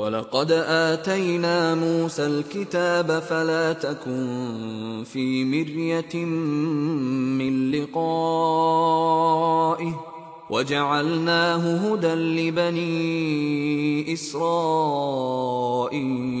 ولقد آتينا موسى الكتاب فلا تكن في مرية من لقائه وجعلناه هدى لبني إسرائيل